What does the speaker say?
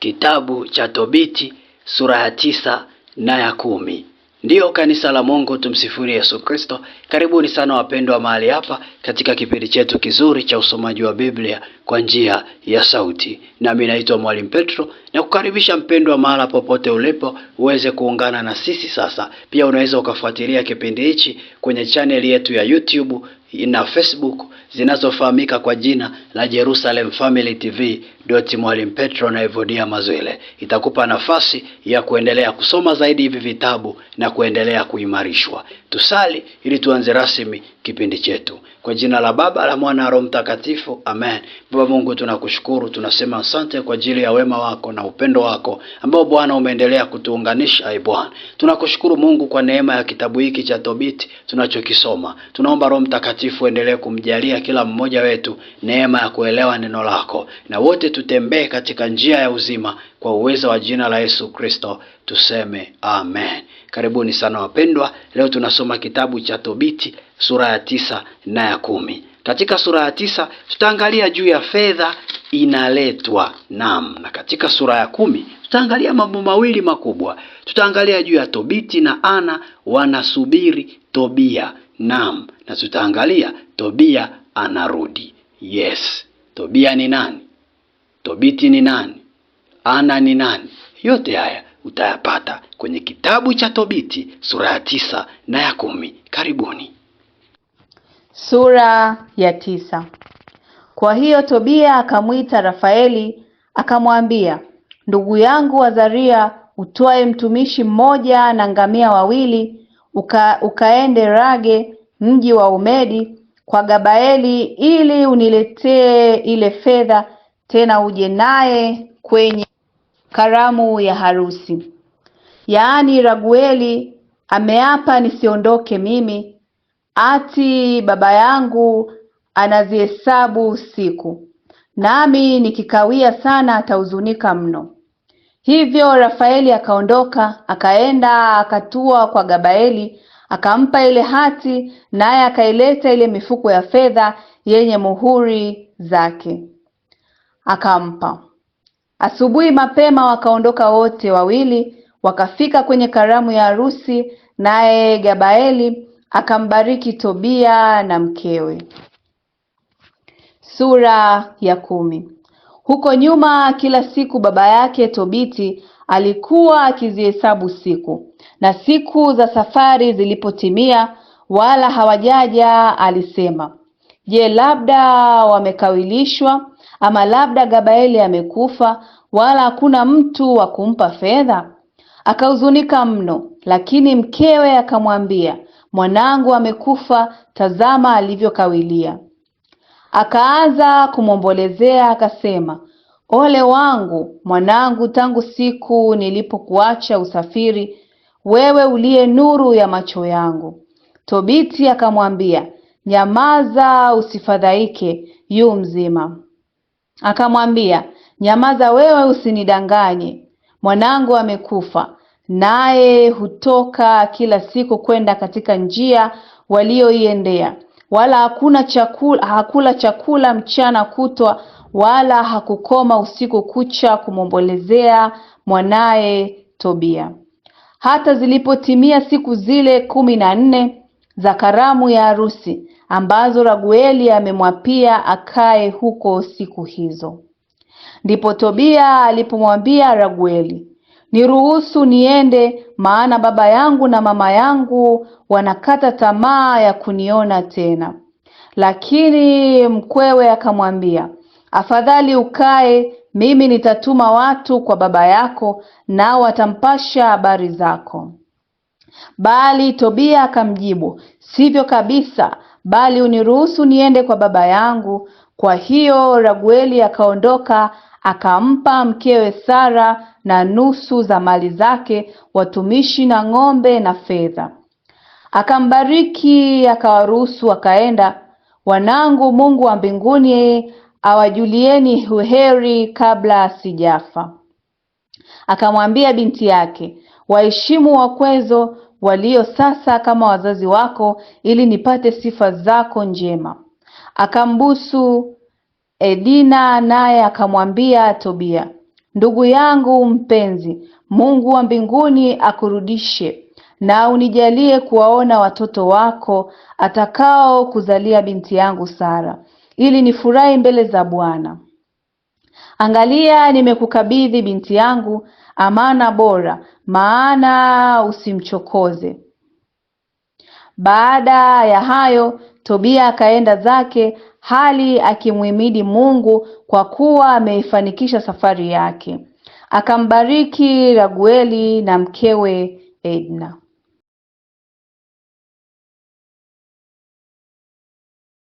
kitabu cha Tobiti sura ya tisa na ya kumi. Ndiyo kanisa la Mungu, tumsifuri Yesu Kristo. Karibuni sana wapendwa mahali hapa katika kipindi chetu kizuri cha usomaji wa Biblia kwa njia ya sauti, nami naitwa Mwalimu Petro na kukaribisha mpendwa mahala popote ulipo uweze kuungana na sisi sasa. Pia unaweza ukafuatilia kipindi hichi kwenye chaneli yetu ya YouTube na Facebook zinazofahamika kwa jina la Jerusalem Family TV doti Mwalimu Petro na Evodia Mazwile. Itakupa nafasi ya kuendelea kusoma zaidi hivi vitabu na kuendelea kuimarishwa. Tusali ili tuanze rasmi kipindi chetu. Kwa jina la Baba la Mwana Roho Mtakatifu, amen. Baba Mungu, tunakushukuru, tunasema asante kwa ajili ya wema wako na upendo wako ambao Bwana umeendelea kutuunganisha. Ai Bwana, tunakushukuru Mungu kwa neema ya kitabu hiki cha Tobiti tunachokisoma. Tunaomba Roho Mtakatifu endelee kumjalia kila mmoja wetu neema ya kuelewa neno lako, na wote tutembee katika njia ya uzima kwa uwezo wa jina la Yesu Kristo tuseme amen. Karibuni sana wapendwa, leo tunasoma kitabu cha Tobiti sura ya tisa na ya kumi. Katika sura ya tisa tutaangalia juu ya fedha inaletwa nam, na katika sura ya kumi tutaangalia mambo mawili makubwa. Tutaangalia juu ya Tobiti na Ana wanasubiri Tobia nam, na tutaangalia Tobia anarudi. Yes, Tobia ni nani? Tobiti ni nani? Ana ni nani? Yote haya utayapata kwenye kitabu cha Tobiti sura ya tisa na ya kumi. Karibuni. Sura ya tisa. Kwa hiyo Tobia akamwita Rafaeli akamwambia, ndugu yangu Azaria, utoe mtumishi mmoja na ngamia wawili uka, ukaende Rage mji wa Umedi kwa Gabaeli ili uniletee ile fedha, tena uje naye kwenye karamu ya harusi. Yaani Ragueli ameapa nisiondoke mimi, ati baba yangu anazihesabu siku, nami nikikawia sana atahuzunika mno. Hivyo Rafaeli akaondoka akaenda akatua kwa Gabaeli akampa ile hati, naye akaileta ile mifuko ya fedha yenye muhuri zake akampa. Asubuhi mapema wakaondoka wote wawili wakafika kwenye karamu ya harusi, naye gabaeli akambariki Tobia na mkewe. Sura ya kumi. Huko nyuma kila siku baba yake Tobiti alikuwa akizihesabu siku, na siku za safari zilipotimia wala hawajaja, alisema, je, labda wamekawilishwa ama labda Gabaeli amekufa, wala hakuna mtu wa kumpa fedha? Akahuzunika mno, lakini mkewe akamwambia, mwanangu amekufa, tazama alivyokawilia. Akaanza kumwombolezea akasema, ole wangu mwanangu, tangu siku nilipokuacha usafiri, wewe uliye nuru ya macho yangu. Tobiti akamwambia, nyamaza, usifadhaike, yu mzima. Akamwambia, nyamaza wewe, usinidanganye. Mwanangu amekufa, naye hutoka kila siku kwenda katika njia walioiendea, wala hakuna chakula, hakula chakula mchana kutwa, wala hakukoma usiku kucha kumwombolezea mwanaye Tobia. Hata zilipotimia siku zile kumi na nne za karamu ya harusi, ambazo Ragueli amemwapia akae huko siku hizo. Ndipo Tobia alipomwambia Ragueli, niruhusu niende, maana baba yangu na mama yangu wanakata tamaa ya kuniona tena. Lakini mkwewe akamwambia, afadhali ukae, mimi nitatuma watu kwa baba yako, nao watampasha habari zako. Bali Tobia akamjibu, sivyo kabisa, bali uniruhusu niende kwa baba yangu. Kwa hiyo Ragueli akaondoka akampa mkewe Sara na nusu za mali zake, watumishi na ng'ombe na fedha. Akambariki, akawaruhusu akaenda Wanangu, Mungu wa mbinguni awajulieni heri kabla sijafa. Akamwambia binti yake, waheshimu wakwezo, walio sasa kama wazazi wako, ili nipate sifa zako njema. Akambusu Edina, naye akamwambia Tobia, ndugu yangu mpenzi, Mungu wa mbinguni akurudishe na unijalie kuwaona watoto wako atakao kuzalia binti yangu Sara, ili nifurahi mbele za Bwana. Angalia, nimekukabidhi binti yangu, amana bora maana usimchokoze. Baada ya hayo Tobia akaenda zake, hali akimhimidi Mungu kwa kuwa ameifanikisha safari yake. Akambariki Ragueli na mkewe Edna.